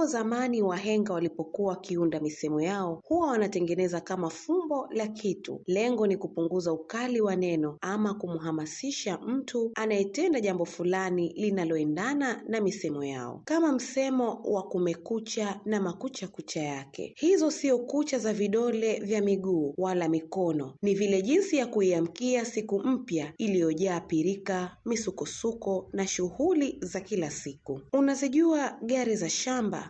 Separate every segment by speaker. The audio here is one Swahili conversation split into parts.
Speaker 1: Hapo zamani wahenga walipokuwa wakiunda misemo yao huwa wanatengeneza kama fumbo la kitu. Lengo ni kupunguza ukali wa neno ama kumhamasisha mtu anayetenda jambo fulani linaloendana na misemo yao, kama msemo wa kumekucha na makucha kucha yake. Hizo sio kucha za vidole vya miguu wala mikono, ni vile jinsi ya kuiamkia siku mpya iliyojaa pirika, misukosuko na shughuli za kila siku. Unazijua gari za shamba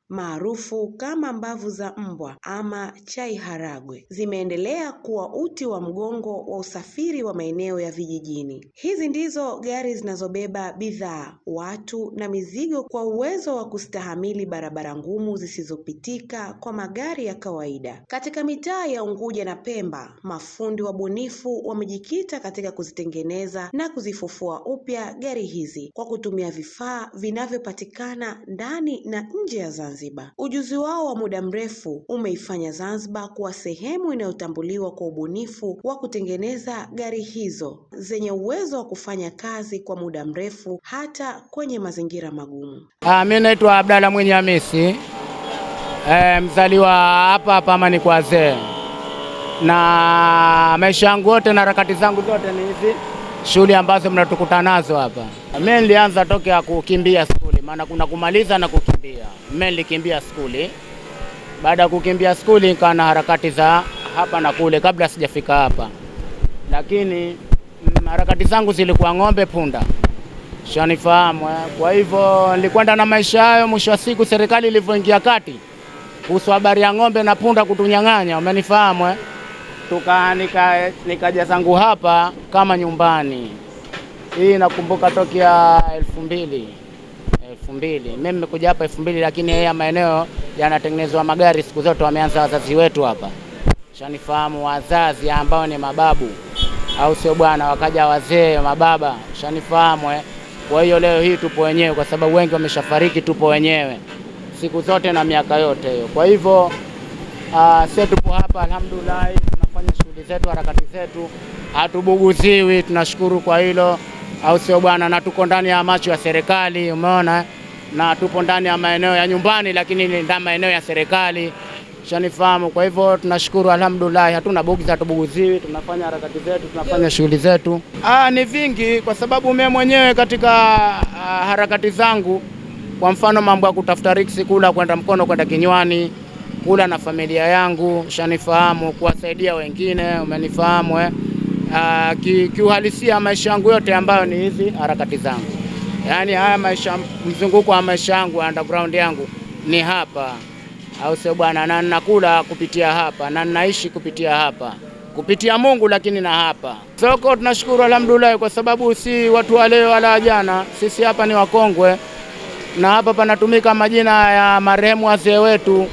Speaker 1: maarufu kama mbavu za mbwa ama chai haragwe zimeendelea kuwa uti wa mgongo wa usafiri wa maeneo ya vijijini. Hizi ndizo gari zinazobeba bidhaa, watu na mizigo kwa uwezo wa kustahamili barabara ngumu zisizopitika kwa magari ya kawaida. Katika mitaa ya Unguja na Pemba, mafundi wabunifu wamejikita katika kuzitengeneza na kuzifufua upya gari hizi kwa kutumia vifaa vinavyopatikana ndani na nje ya Zanzibar. Zanzibar. Ujuzi wao wa muda mrefu umeifanya Zanzibar kuwa sehemu inayotambuliwa kwa ubunifu wa kutengeneza gari hizo zenye uwezo wa kufanya kazi kwa muda mrefu hata kwenye mazingira magumu.
Speaker 2: Ah, mimi naitwa Abdalla mwenye Hamisi, e, mzaliwa hapa hapa Amani kwa zee, na maisha yangu yote na harakati zangu zote ni hizi shughuli ambazo mnatukutana nazo hapa. Mimi nilianza tokea kukimbia maana kuna kumaliza na kukimbia. Mimi nilikimbia skuli, baada ya kukimbia skuli nikawa na harakati za hapa na kule kabla sijafika hapa, lakini mm, harakati zangu zilikuwa ng'ombe, punda, shanifahamu. Eh? Kwa hivyo nilikwenda na maisha hayo. Mwisho wa siku serikali ilivyoingia kati kuhusu habari ya ng'ombe na punda kutunyang'anya, umenifahamu, eh? tuka nikaja zangu hapa kama nyumbani. Hii nakumbuka tokea elfu mbili elfu mbili mimi nimekuja hapa elfu mbili lakini haya maeneo yanatengenezwa magari siku zote, wameanza wazazi wetu hapa shanifahamu, wazazi ambao ni mababu, au sio bwana? Wakaja wazee mababa, shanifahamu eh. Kwa hiyo leo hii tupo wenyewe, kwa sababu wengi wameshafariki, tupo wenyewe siku zote na miaka yote hiyo. Kwa hivyo uh, sisi tupo hapa alhamdulillah, tunafanya shughuli zetu, harakati zetu, hatubuguziwi, tunashukuru kwa hilo au sio bwana? Na tuko ndani ya macho ya serikali, umeona, na tupo ndani ya maeneo ya nyumbani, lakini ndio maeneo ya serikali shanifahamu. Kwa hivyo tunashukuru, alhamdulillah, hatuna za tubuguziwi, tunafanya harakati zetu, tunafanya shughuli zetu. Ah, ni vingi, kwa sababu mimi mwenyewe katika ah, harakati zangu, kwa mfano mambo ya kutafuta riziki, kula kwenda mkono kwenda kinywani kula na familia yangu, shanifahamu, kuwasaidia wengine, umenifahamu eh? uh, kiuhalisia maisha yangu yote ambayo ni hizi harakati zangu, yaani haya maisha, mzunguko wa maisha yangu underground yangu ni hapa, au sio bwana? Na nakula kupitia hapa na ninaishi kupitia hapa kupitia Mungu, lakini na hapa soko tunashukuru alhamdulillah, kwa sababu si watu wa leo wala jana, sisi hapa ni wakongwe na hapa panatumika majina ya marehemu wazee wetu,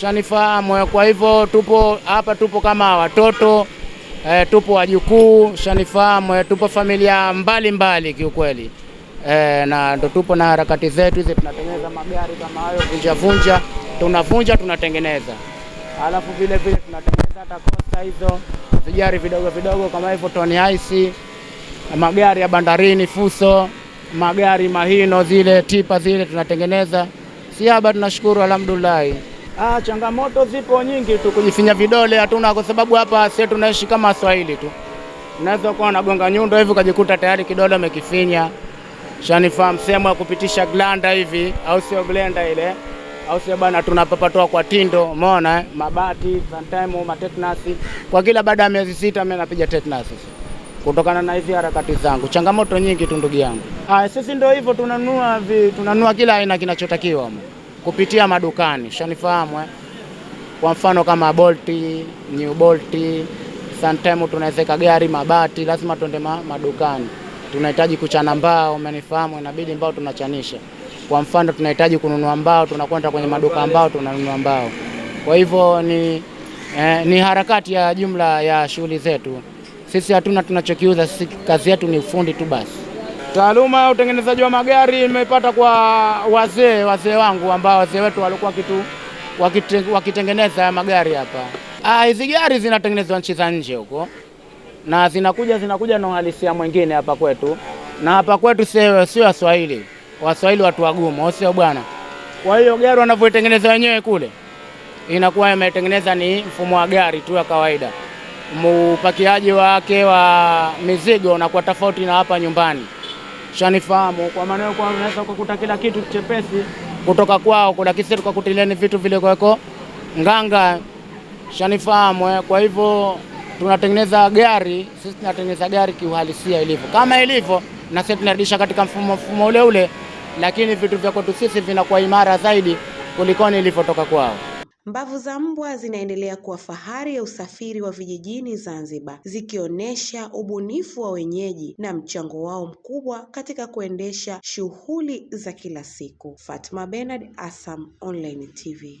Speaker 2: shanifahamu. Kwa hivyo tupo hapa, tupo kama watoto e, tupo wajukuu shanifahamu, eh, tupo familia mbalimbali kiukweli e, na ndo tupo na harakati zetu hizi, tunatengeneza magari kama hayo vunja vunja, tunavunja tunatengeneza, alafu vile vile tunatengeneza hata kosta hizo vijari vidogo vidogo kama hivyo, toni ice, magari ya bandarini, fuso, magari mahino, zile tipa zile tunatengeneza. si haba, tunashukuru alhamdulillah. Ah, changamoto zipo nyingi tu, kujifinya vidole hatuna, kwa sababu hapa sisi tunaishi kama Waswahili tu. Unaweza kuwa unagonga nyundo hivi ukajikuta tayari kidole umekifinya. Shanifahamu sehemu ya kupitisha glanda hivi, au sio blenda ile, au sio bana, tunapapatoa kwa tindo, umeona eh? Mabati sometimes ma tetanus kwa kila baada ya miezi sita mimi napiga tetanus kutokana na hizi harakati zangu. Changamoto nyingi tu ndugu yangu. Ah, sisi ndio hivyo tunanunua tunanunua kila aina kinachotakiwa kupitia madukani, shanifahamu eh? Kwa mfano kama Bolt, New Bolt, sometime tunawezeka gari mabati, lazima tuende madukani, tunahitaji kuchana mbao, umenifahamu, inabidi mbao tunachanisha. Kwa mfano tunahitaji kununua mbao, tunakwenda kwenye maduka mbao, tunanunua mbao. Kwa hivyo ni, eh, ni harakati ya jumla ya shughuli zetu. Sisi hatuna tunachokiuza, sisi kazi yetu ni ufundi tu basi. Taaluma ya utengenezaji wa magari nimepata kwa wazee wazee wangu ambao wazee wetu walikuwa kitu wakitengeneza magari hapa. Ah, hizi gari zinatengenezwa nchi za nje huko na zinakuja zinakuja na uhalisia mwingine hapa kwetu, na hapa kwetu sio sio Waswahili. Waswahili watu wagumu, sio bwana. Kwa hiyo gari wanavyotengeneza wenyewe kule inakuwa imetengeneza ni mfumo wa gari tu ya kawaida. mupakiaji wake wa mizigo unakuwa tofauti na hapa nyumbani shanifahamu kwa maana kwa unaweza kukuta kila kitu chepesi kutoka kwao, kuna sisi kwa ni vitu vile kwako nganga, shanifahamu. Eh, kwa hivyo tunatengeneza gari sisi, tunatengeneza gari kiuhalisia ilivyo kama ilivyo, na sisi tunarudisha katika mfumo mfumo ule ule, lakini vitu vya kwetu sisi vinakuwa imara zaidi kuliko ilivyotoka kwao.
Speaker 1: Mbavu za mbwa zinaendelea kuwa fahari ya usafiri wa vijijini Zanzibar, zikionyesha ubunifu wa wenyeji na mchango wao mkubwa katika kuendesha shughuli za kila siku. Fatma Bernard, ASAM Online TV.